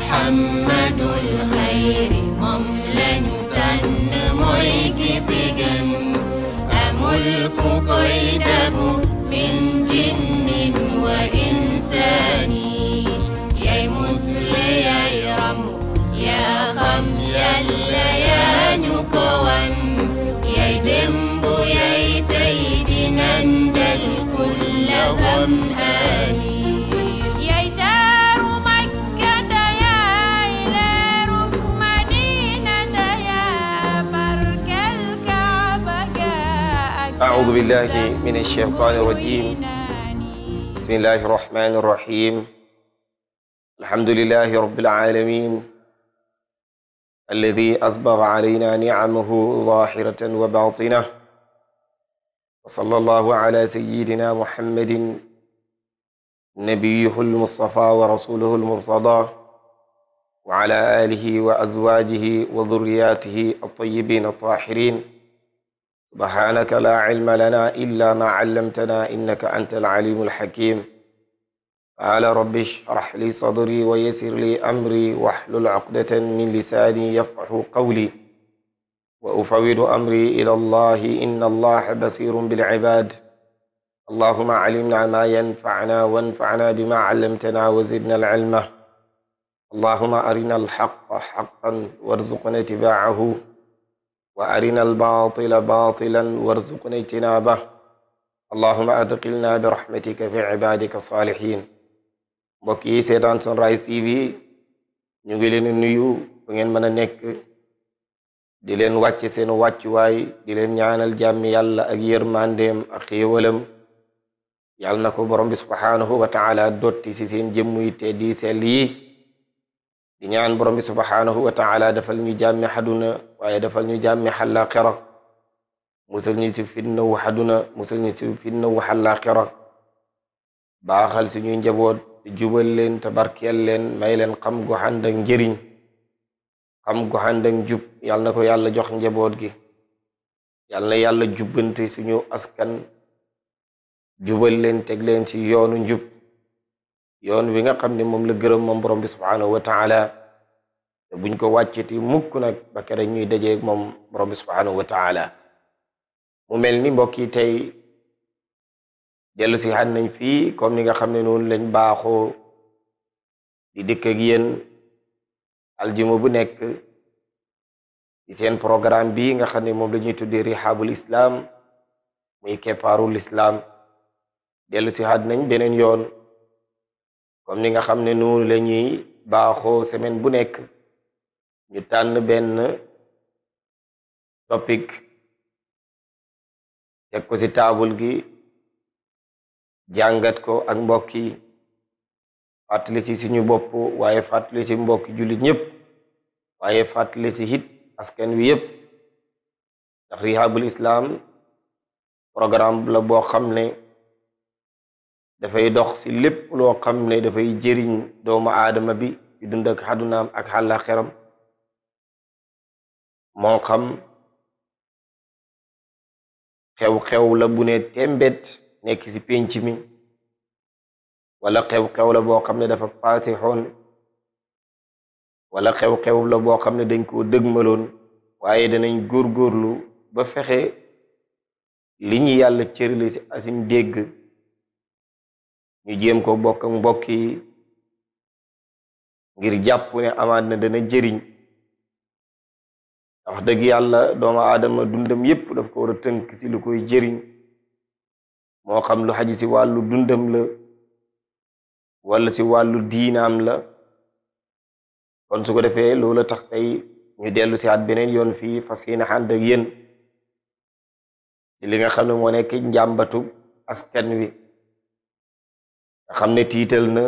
محمد الخير مملا تن ميك في جن أملك قيدب من جن أعوذ بالله من الشيطان الرجيم بسم الله الرحمن الرحيم الحمد لله رب العالمين الذي أسبغ علينا نعمه ظاهرة وباطنة وصلى الله على سيدنا محمد نبيه المصطفى ورسوله المرتضى وعلى آله وأزواجه وذرياته الطيبين الطاهرين سبحانك لا علم لنا إلا ما علمتنا إنك أنت العليم الحكيم قال رب اشرح لي صدري ويسر لي أمري واحلل عقدة من لساني يفقه قولي وأفوض أمري إلى الله إن الله بصير بالعباد اللهم علمنا ما ينفعنا وانفعنا بما علمتنا وزدنا العلم اللهم أرنا الحق حقا وارزقنا اتباعه وأرنا الباطل باطلا وارزقنا اجتنابه اللهم أدخلنا برحمتك في عبادك الصالحين mbokk yi seetaan Sunrise TV ñu ngi leen nuyu bu ngeen mën a nekk di leen wàcce seen wàccuwaay di leen ñaanal jàmm yàlla ak yërmandeem ak xéewalam yàlla na ko borom bi subhaanahu wa dotti si seen jëmm te di sell ñaan borom bi subhaanahu wa taala dafal ñu jàmmi xaduna waaye dafal ñu jàmmi xallaaxira musal ñu si fitnawu xaduna musal ñu si fitnawu xallaaxira baaxal suñuy njaboot jubal leen tabarkeel leen may leen xam gu ànd ak njëriñ xam gu ànd na ko yàlla jox njaboot gi yàlla na yàlla jubbante suñu askan jubal leen teg leen ci yoonu njub yoon wi nga xam ne moom la gërëm moom borom bi subhaanahu wa taala buñ ko wàcceti mukk nag ba kere ñuy dajeeg moom borom bi subhaanahu wa taala mu mel ni mbokk yi tey dellu si xan nañ fii comme ni nga xam ne noonu lañ baaxoo di dikk ak yéen aljuma bu nekk ci seen programme bi nga xam ni moom la ñuy tuddee rihaabul islam muy keppaaru lislaam dellu si xaat nañ beneen yoon comme ni nga xam ne noonu la ñuy baaxoo semaine bu nekk ñu tànn benn topik teg ko ci taabul gi jàngat ko ak mbokk yi fàttali si suñu bopp waaye fàttali ci mbokki jullit ñëpp waaye fàttali ci hit askan wi yëpp ndax rihabul islam programme la boo xam ne dafay dox si lépp loo xam ne dafay jëriñ doomu aadama bi dund ak xadunaam ak xàllaaxiram moo xam xew-xew la bu ne mbet nekk si penc mi wala xew-xew la boo xam ne dafa paase xoon wala xew-xew la boo xam ne dañ koo dëgmaloon waaye danañ góorgóorlu ba fexe li yàlla yàlla cërale si asim dégg ñu jéem ko bokk mbokk yi ngir jàpp ne amaat na dana jëriñ wax dëgg yàlla doomu aadama dundam yépp daf ko war a tënk si lu koy jëriñ moo xam lu xaju si wàllu dundam la walla si wàllu diinaam la kon su ko defee loola tax tey ñu dellu si at beneen yoon fii fas yéene ànd ak yéen ci li nga xam ne moo nekk njàmbatu askan wi nga xam ne tiital na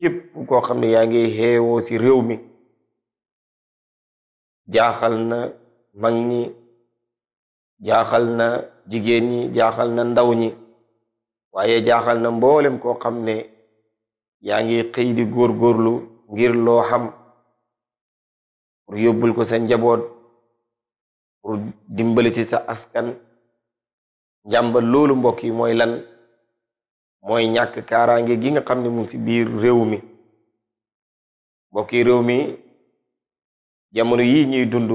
képp koo xam ne yaa ngi xeewoo si réew mi jaaxal na mag ñi jaaxal na jigéen ñi jaaxal na ndaw ñi waaye jaaxal na mboolem koo xam ne yaa ngi xëy di góorgóorlu ngir loo xam pour yóbbul ko sa njaboot pour dimbali si sa askan njàmbal loolu mbokk yi mooy lan mooy ñàkk kaaraange gi nga xam ne mu ci biir réew mi mbokki réew mi jamono yii ñuy dund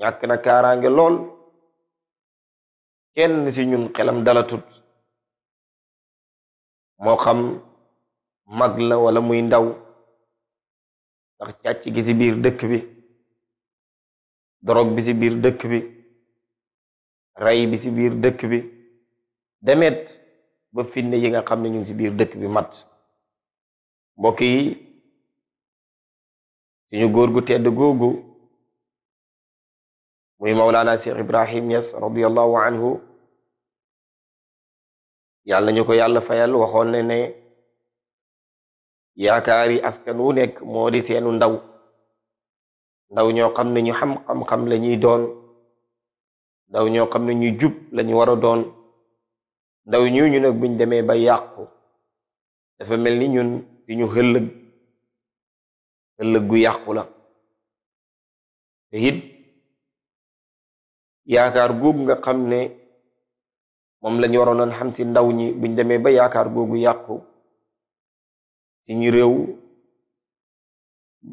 ñàkk na kaaraange lool kenn ci ñun xelam dalatut moo xam mag la wala muy ndaw ndax càcc gi ci biir dëkk bi dorog bi ci biir dëkk bi ray bi ci biir dëkk bi demet ba finne yi nga xam ne ñu ngi si biir dëkk bi mat mbokk yi suñu góor gu tedd googu muy Mawlana Cheikh Ibrahim Niass radiyallahu anhu yàlla ñu ko yàlla fayal waxoon ne ne yaakaari askan wu nekk moo di seenu ndaw ndaw ñoo xam ne ñu xam xam-xam la doon ndaw ñoo xam ne ñu jub la ñu doon ndaw ñu ñu nag buñ demee ba yàqu dafa mel ni ñun ci ñu xëllëg xëllëg gu yàqu la te it yaakaar googu nga xam ne moom lañu waroon xam si ndaw ñi buñ demee ba yaakaar googu yàqu si ñu réew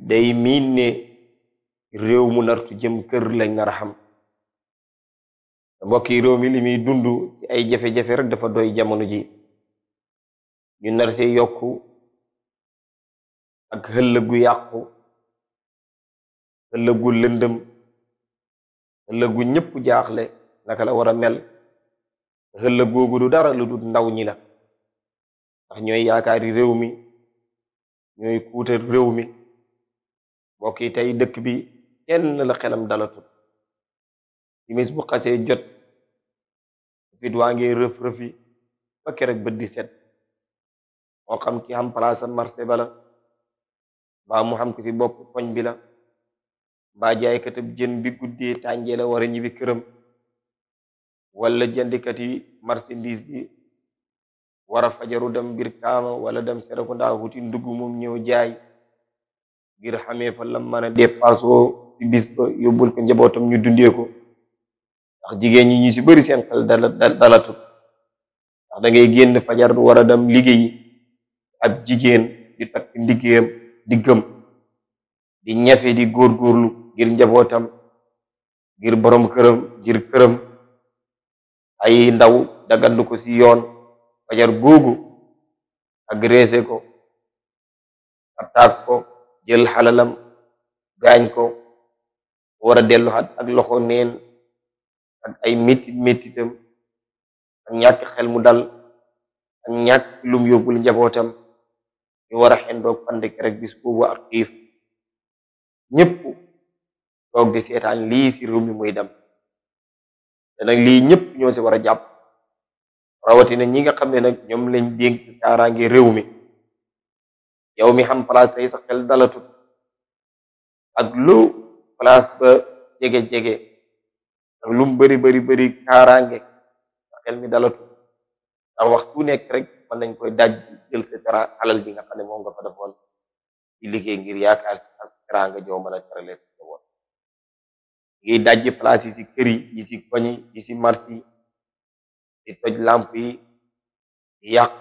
day miin ne réew mu na nartu jëm kër lañ nar a xam mbokk yi réew mi li muy dund ci ay jafe-jafe rek dafa doy jamono ji ñu nar see yokku ak xëllëg gu yàqu xëllëg gu lëndëm xëllëg gu ñëpp jaaxle naka la war a mel xëllëg googu du dara lu dul ndaw ñi la ndax ñooy yaakaari réew mi ñooy kuutal réew mi mbokk yi tey dëkk bi kenn la xelam dalatul timis bu xasee jot fit waa ngi rëf ba keroog bët di set moo xam ki xam palaasam marché ba la mu xam ki si bopp koñ bi la mbaa jaaykatab jën bi guddee tànjee la war a këram wala jëndikat yi marchandise bi wara fajaru dem biir kaama wala dem Serekunda wuti ndugg moom ñëw jaay ngir xamee fa la mën a bis ba yóbbul ko njabootam ñu dundee ko ndax jigéen ñi ñu si bëri seen xel dala da ngay génn fajar war a dem liggéey ab jigéen di takk liggéeyam di gëm ñafe di góorgóorlu ngir njabootam ngir borom këram ngir këram ay ndaw dagandu ko si yoon fajar googu agressé ko attaque ko jël xalalam gaañ ko war a ak loxo neen ak ay metti métitam ak ñak xel mu dal ak ñak lum yobul njabotam ñu wara a ak pandek rek bis boobu ak xiif ñëpp toog di setan li si rumi mi muy dem da nak li ñepp ñoo ci wara a rawati na ñi nga xam ne nag ñoom lañ dénk kaaraange rew mi yow mi xam place tay sa xel dalatu ak lu place ba jege-jege ak lu beri beri bëri karange kaaraange mi dalatu ndax waxtu nek rek man lañ koy daj jël sa tera alal bi nga xamne mo nga fa defoon di liggéey ngir yaakaar as teraanga joo mën a terale sa njaboot ngiy dajji place yi si kër yi yi si koñ yi yi marché di toj lampe yi di yàq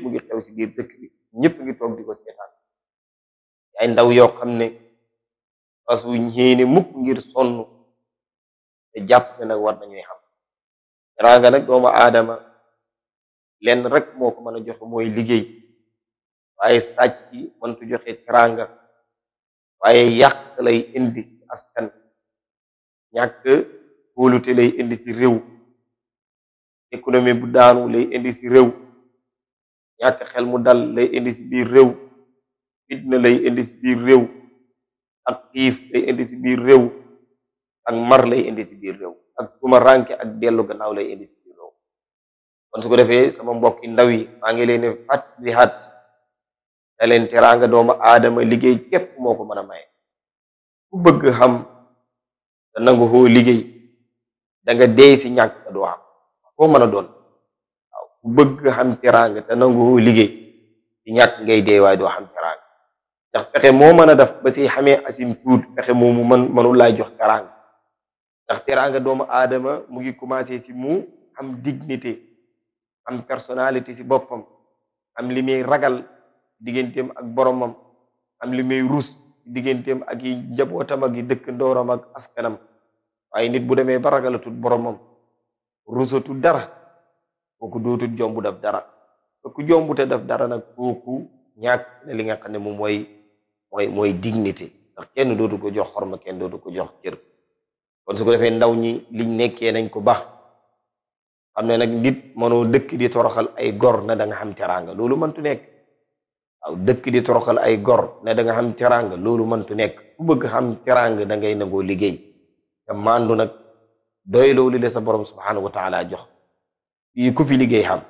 mu ngi xew ci biir dëkk bi ñëpp ngi toog diko ko ay ndaw yo xamne ne ñeene mukk ngir sonu te jàpp ne nag war nañuy xam teraanga nag doomu aadama lenn rek moo ko mën a joxe mooy liggéey waaye sàcc yi mëntu joxe teraanga waaye yàq lay indi ci askan ñàkk kóolute lay indi ci réew économie bu daanu lay indi ci réew ñàkk xel mu dal lay indi ci biir réew fitna lay indi ci biir réew ak lay indi ci biir réew ak mar lay indi ci biir réew ak tuma ranke ak dellu gannaaw lay indi ci biir réew kon su ko defee sama mbokki ndaw yi maa ngi leen fàttalihaat da leen teraanga doomu aadama liggéey képp moo ko mën a maye ku bëgg xam nangu xoo liggéey da nga si ñàkk te doo mën a doon waaw ku bëgg xam teraanga te nangu xoo liggéey si ñàkk ngay dee waaye doo xam teraanga ndax pexe moo mën a def ba si xamee asim tuut pexe moomu mën mënul laa jox teraanga ndax teranga doomu adama mu ngi commencé ci mu am dignité am personnalité ci bopam am li ragal digganteem ak boromam am li rus digganteem ak jabotam ak yi dëkk ak askanam ay nit bu démé ba boromam rusatul dara kooku dootul jombu daf dara jombu te daf dara nak kooku ñak na li nga xamné ne moy moy dignité ndax kenn dootu ko jox xorma kenn dootu jox kër kon su ko defee ndaw ñi liñ nekkee nañ ko baax xam ne nag nit mënoo dëkk di toroxal ay gor na da nga xam teraanga loolu mëntu nekk dëkk di toroxal ay gor na xam teraanga loolu mëntu nekk ku bëgg xam teraanga da ngay nangoo liggéey te maandu nag doy loolu la sa borom subhanahu wa taala jox fii ku fi liggéey xam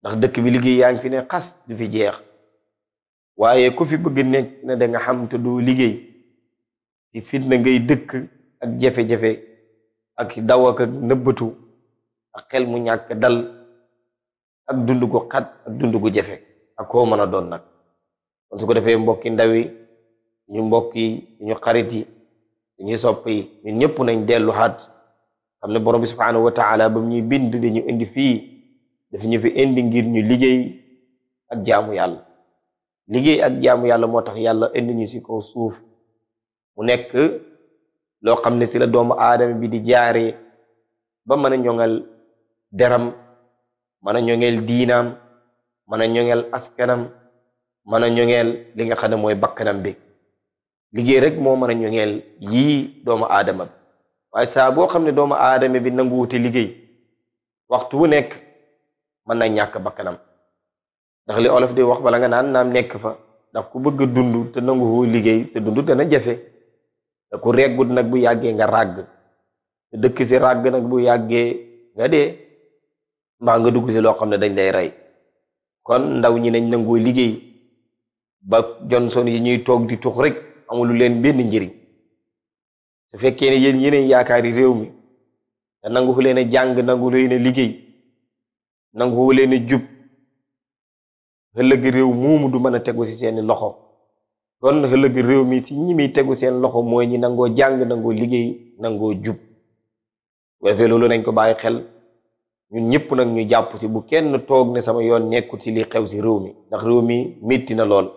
ndax dëkk bi liggéey yaa ngi fi ne xas du fi jeex waaye ku fi bëgg nekk na da xam te doo liggéey ci fitna ngay dëkk ak jafe-jafe ak daw ak nëbbatu ak xel mu ñàkk dal ak dund gu xat ak dund gu jafe ak koo mën a doon nag kon su ko mbokki ndaw yi ñu mbokk yi ñu xarit yi ñu sopp yi ñëpp nañ dellu xaat xam ne borom bi subhanahu wa taala ba ñuy bind dañu indi fii daf ñu fi indi ngir ñu liggéey ak jaamu yàlla liggéey ak jaamu yàlla moo tax yàlla indi ñu si kaw suuf mu nekk loo xam ne si la doomu aadama bi di jaaree ba mën a ñoŋal deram mën a ñoŋeel diinaam mën a ñoŋeel askanam mën a ñoŋeel li nga xam ne mooy bakkanam bi liggéey rek moo mën a ñoŋeel yii doomu aadama bi boo xam ne doomu aadama bi nanguwute liggéey waxtu wu nekk mën na ñàkk bakkanam ndax li olof di wax bala nga naan naam nekk fa ndax ku bëgg a dund te nanguwoo liggéey sa dund dana jafe te ku reggut nag bu yàggee nga ràgg te dëkk si ràgg nag bu yàggee nga dee mbaa nga dugg si loo xam ne dañ lay rey kon ndaw ñi nañ nangu liggéey ba Johnson yi ñuy toog di tux rek amulu leen benn njëriñ su fekkee ne yéen yeneen yaakaari réew mi te nangu fu leen jàng nangu leen a liggéey nangu fu jub ëllëg réew moomu du mën a tegu si seeni loxo kon ëllëg réew mi si ñi muy tegu seen loxo mooy ñi nangoo jàng nangoo liggéey nangoo jub bu loolu nañ ko bàyyi xel ñun ñëpp nag ñu jàpp si bu kenn toog ne sama yoon nekkul si li xew si réew mi ndax réew mi métti na lool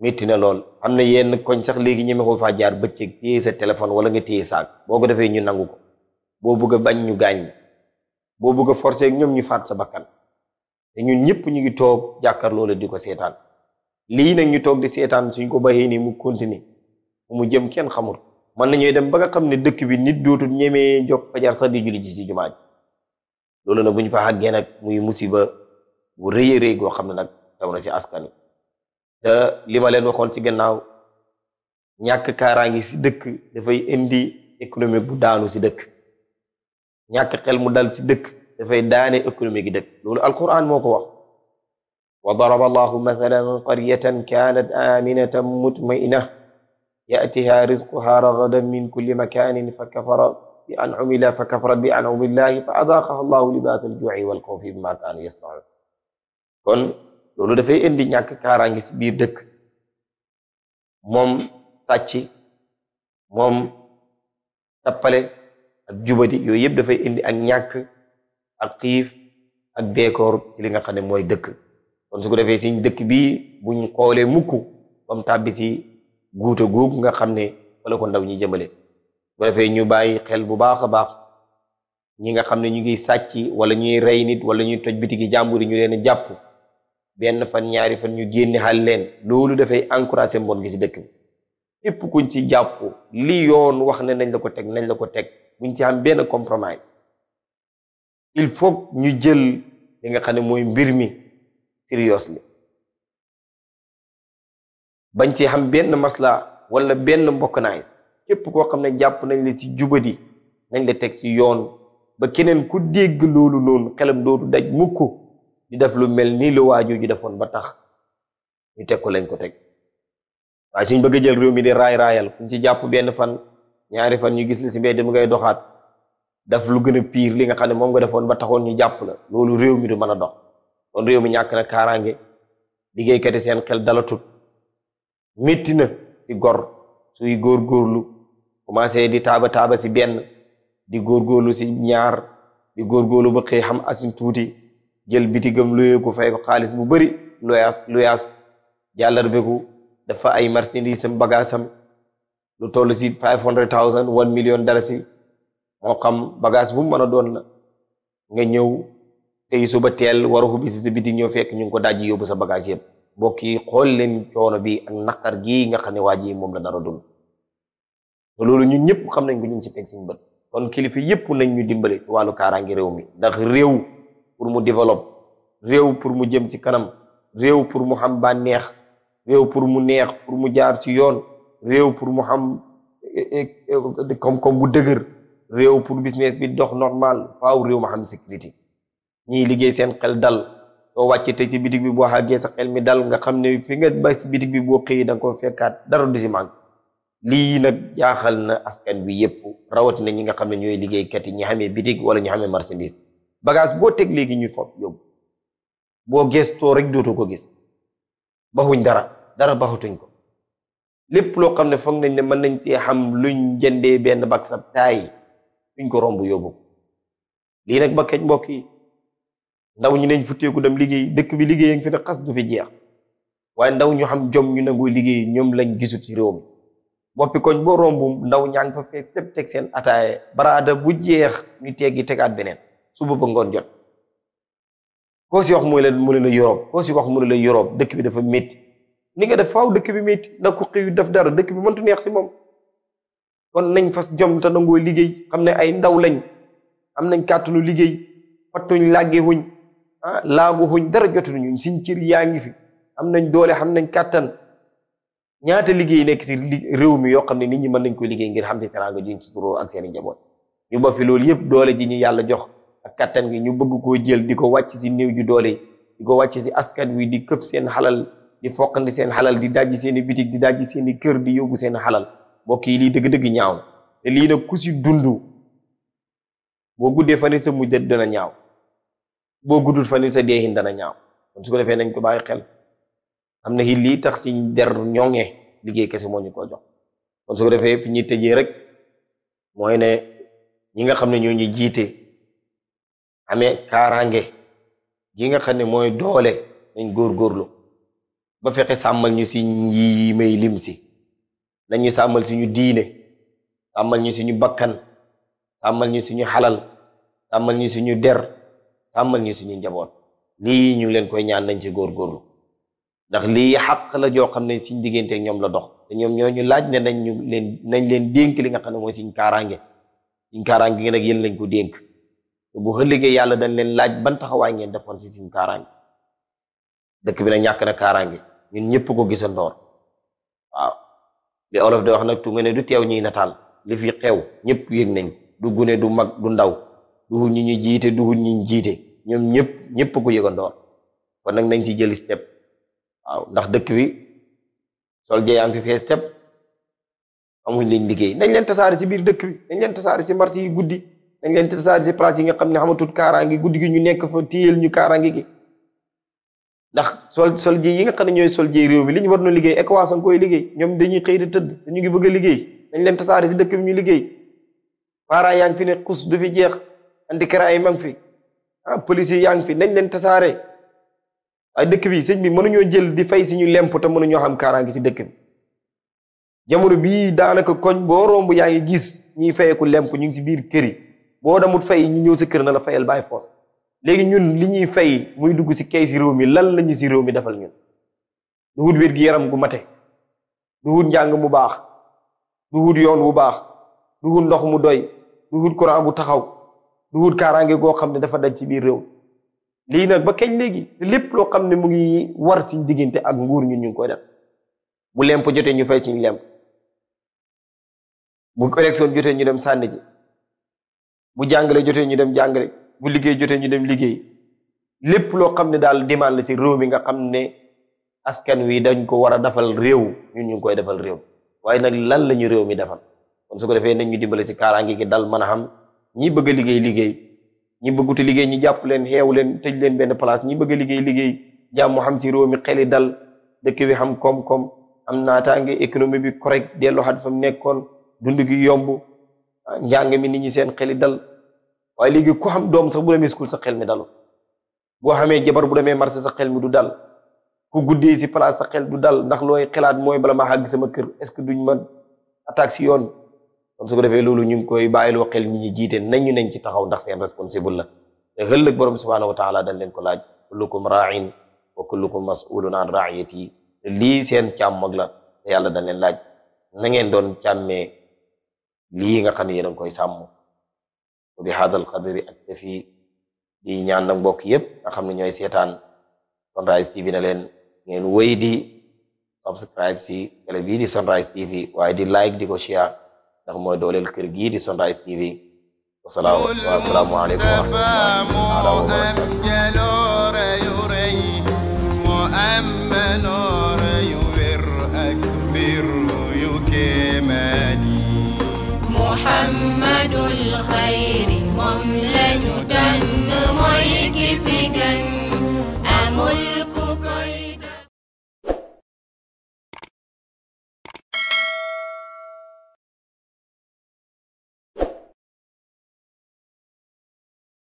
métti na lool am na yenn koñ sax léegi ñeme ko faa jaar bëccëg téye sa téléphone wala nga téye saag boo ko defee ñu nangu ko boo bëgg a bañ ñu gaañ boo bëgg a forcé ak ñoom ñu faat sa bakkan te ñun ñëpp ñu ngi toog jàkkaarloo la di ko seetaan lii nag ñu toog di seetaan suñ ko baxee nii mu continuer mu jëm kenn xamul mën nañuy dem ba nga xam ne dëkk bi nit dootul ñemee njog fajar sax di julli ji si jumaa loolu nag bu ñu fa xàggee nag muy musiba bu rëy rëy goo xam ne nag taw na si askan wi te li ma leen waxoon si gannaaw ñàkk kaaraangi si dëkk dafay indi économique bu daanu si dëkk ñàkk xel mu dal si dëkk dafay daane économique gi dëkk loolu alquran moo ko wax وضرب الله مثلا قرية كانت آمنة مطمئنة يأتيها رزقها رغدا من كل مكان فكفر بأنعم الله فكفر بأنعم الله فأذاقها الله لباس الجوع والخوف بما كان يصنعون كن لولو في اندي نياك كارانغ مم بير مم موم الجبدي موم تابالي اك جوبدي يوي ييب دافاي اندي اك نياك موي دك kon su ko defee siñ dëkk bi buñ xoolee mukk bam tàbbi si guuta góog nga xam ne wala ko ndaw ñi jëmale defee ñu bàyyi xel bu baax a baax ñi nga xam ne ñu ngi sàcc wala ñuy rey nit wala ñuy toj bitigi jàmbur yi ñu leen jàpp benn fan ñaari fan ñu génne xal leen loolu dafay encouragé mbon gi si dëkk bi képp kuñ ci jàpp li yoon wax ne nañ la ko teg nañ la ko teg buñ ci am benn compromise il faut ñu jël li nga xam ne mooy mbir mi seriously bañ ci xam benn masla wala benn mbokk naay képp koo xam ne jàpp nañ la ci jubadi nañ la teg ci yoon ba keneen ku dégg loolu noonu xelam dootu daj mukk di def lu mel nii lu waajoo ju defoon ba tax ñu teg ko lañ ko teg waaye suñ bëgg jël réew mi di raay raayal kuñ ci jàpp benn fan ñaari fan ñu gis la ci mbedd mu ngay doxaat daf lu gën a pire li nga xam ne moom nga defoon ba taxoon ñu jàpp la loolu réew mi du mën a dox on réew mi ñàkk na kaaraange liggéeykat yi seen xel dalatut métti na ci gor suy góorgóorlu commencé di taaba taaba si benn di góorgóorlu si ñaar di góorgóorlu ba xëy xam tuuti jël bitigam luyee fay ko xaalis bu bari luyaas luyaas jàllarbeku dafa ay marchandise am bagage am lu toll si five hundred thousand one million si moo xam bagage bu mu mën a doon la nga ñëw te yi suba tel war a bi di ñoo fekk ñu ko daaji yobu sa bagage yeb bokki xol leen coono bi ak nakar gi nga xam waji mom la dara dul te loolu ñun ñepp xam nañ bu ñu ci tek teg suñu bët kon kilifa yëpp nañ ñu dimbalé ci walu karangi réew mi ndax réew pour mu develop réew pour mu jëm ci kanam réew pour mu xam ba neex réew pour mu neex pour mu jaar ci yoon réew pour mu xam eh, eh, comme comme bu dëgër réew pour business bi dox normal faaw réew mu xam sécurité ñiy liggéey seen xel dal soo wàccee tey ci bitig bi boo xàggee sa xel mi dal nga xam ne fi nga ba si bitig bi boo xëyee da nga ko fekkaat dara du si manque lii nag jaaxal na askan bi yépp rawatina ñi nga xam ne ñooy liggéeykat yi ñi xamee bitig wala ñi xamee marchandise bagage boo teg léegi ñu fob boo boo gestoo rek dootu ko gis baxuñ dara dara baxutuñ ko lépp loo xam ne foog nañ ne mën nañ cee xam luñ jëndee benn bag sa taay duñ ko romb yobu lii nag ba mbokk yi ndaw ñu nañ futteeku dem liggéey dëkk bi liggéey ngi fi ne xas du fi jeex waaye ndaw ñu xam jom ñu nangu liggéey ñoom lañ gisut ci réew mi boppi koñ ndaw ñaa ngi fa fee teg seen ataaye baraada bu jeex ñu teggi tegaat beneen suba ngoon jot koo si wax mu mu la Europe koo si wax mu la Europe dëkk bi dafa métti ni nga def faaw dëkk bi métti ndax ku def dara dëkk bi mëntu neex si moom kon nañ fas jom te liggéey xam ne ay ndaw lañ am nañ kàttanu liggéey fattuñ làggee wuñ ah laagu xuñ dara jotuñu suñ cër yaa ngi fi am nañ doole xam nañ kattan ñaata liggéey nekk si réew mi yoo xam ne nit ñi mën nañ ko liggéey ngir xam si teraanga juñ si turoo ak seen i njaboot ñu ba fi loolu yëpp doole ji ñu yàlla jox ak kàttan gi ñu bëgg koo jël di ko wàcc si néew ju doole ko wàcc si askan wi di këf seen xalal di foqandi seen xalal di dajji seen i bitig di dajji seen i kër di yóbbu seen xalal mbokk yi lii dëgg-dëgg ñaaw na lii nag ku si dund boo guddee fa nit sa mujj dana ñaaw boo guddul fa it sa deexin dana ñaaw kon su ko defee nañ ko bàyyi xel am na it lii tax si der ñoŋee liggéey kese moo ñu ko jox kon su defee fi ñu tëjee rek mooy ne ñi nga xam ne ñoo ñu jiite amee kaaraange gi nga xam ne mooy doole nañ góorgóorlu ba fexe sàmmal ñu si yi may lim si nañ ñu sàmmal suñu diine sàmmal ñu suñu bakkan sàmmal ñu suñu xalal sàmmal ñu suñu der sàmmal ñu suñu njaboot lii ñu leen koy ñaan nañ ci góorgóorlu ndax lii xàq la joo xam ne suñ diggante ñoom la dox te ñoom ñoo ñu laaj ne nañ ñu leen nañ leen dénk li nga xam ne mooy suñ kaaraange suñ kaaraange gi nag yéen lañ ko dénk te bu yàlla dañ leen laaj ban taxawaay ngeen defoon si suñ kaaraange dëkk bi na ñàkk na kaaraange ñun ñëpp ko gisandoor waaw li olof de wax na tu nga ne du teew ñuy nataal li fi xew ñëpp yëg nañ du gune du mag du ndaw duhul ñi ñu jiite duhul ñi ñu jiite ñoom ñëpp ñëpp ko yëgandoor kon nag nañ ci jëli step waaw ndax dëkk bi sol jeyaan fi fee step amuñ lañ liggéey nañ leen tasaare ci biir dëkk bi nañ leen tasaare ci marché yi guddi nañ leen tasaare ci place yi nga xam ne xamatut kaaraange guddi gi ñu nekk fa téyel ñu kaaraange gi ndax sol sol ji yi nga xam ne ñooy sol ji réew mi li ñu war na liggéey ECOWAS nga koy liggéey ñoom dañuy xëy di tëdd ñu ngi bëgg a liggéey nañ leen tasaare si dëkk bi ñu liggéey parents yaa fi ne xus du fi jeex andi kara yi ma ngi fi ah police fi nañ leen tasaare ay dëkk bi sëñ bi mënuñoo jël di fay si lemp te mënuñoo xam kaaraange si dëkk bi jamono bii daanaka koñ boo romb yaa ngi gis ñiy fayeku lemp ñu ngi si biir kër yi boo damut fay ñu ñëw sa kër na la fayal bàyyi foos léegi ñun li ñuy fay muy dugg si kay si réew mi lan la ñu si réew mi defal ñun du wut wér gi yaram gu mate du wut njàng mu baax du wut yoon bu baax du wut ndox mu doy du wut courant bu taxaw du wut kaaraange goo xam ne dafa daj ci biir réew lii nag ba keñ léegi lépp loo xam ne mu ngi war ci diggante ak nguur ñun ñu ngi koy def bu lemp jotee ñu fay suñu lemp bu élection jotee ñu dem sànni bu jàngale jotee ñu dem jàngale bu liggéey jotee ñu dem liggéey lépp loo xam ne daal demande la ci réew mi nga xam ne askan wi dañ ko war a dafal réew ñu ñu ngi koy defal réew waaye nag lan la ñu réew mi defal kon su ko defee nañ ñu dimbale ci kaaraange gi dal mën a xam ñi bëgg a liggéey liggéey ñi bëggute liggéey ñi jàpp leen xeew leen tëj leen benn place ñi bëgg liggéey liggéey jàmm xam si réew mi xeli dal dëkk bi xam koom-koom am naataange économie bi correct delloo xat fa mu nekkoon dund gi yomb ah, njàng mi nit ñi seen xeli dal waaye léegi ku xam doom sax bu demee school sa xel mi dalu boo xamee jabar bu demee marché sa xel mi du dal ku guddee si place sa xel du dal ndax looy xelaat mooy bala maa xàgg sama kër est-ce que duñ ma attaque si yoon kon su ko defee loolu ñu ngi koy bàyyiloo xel ñi ñu jiite nañu nañ ci taxaw ndax seen responsable la te xëllëg borom subhaanahu wa taala dañ leen ko laaj kullukum raain wa kullukum masulun an raiyati lii seen càmm mag la te yàlla dañ leen laaj na ngeen doon càmmee lii nga xam ne yéen a koy sàmm wa bi hadal ñaan mbokk yépp nga xam ne ñooy seetaan Sunrise TV na leen ngeen wéy di subscribe si télé bii di Sunrise TV waaye di like di ko share موي دولل كير جي دي سون رايت تي في والسلام والسلام عليكم ورحمه الله محمد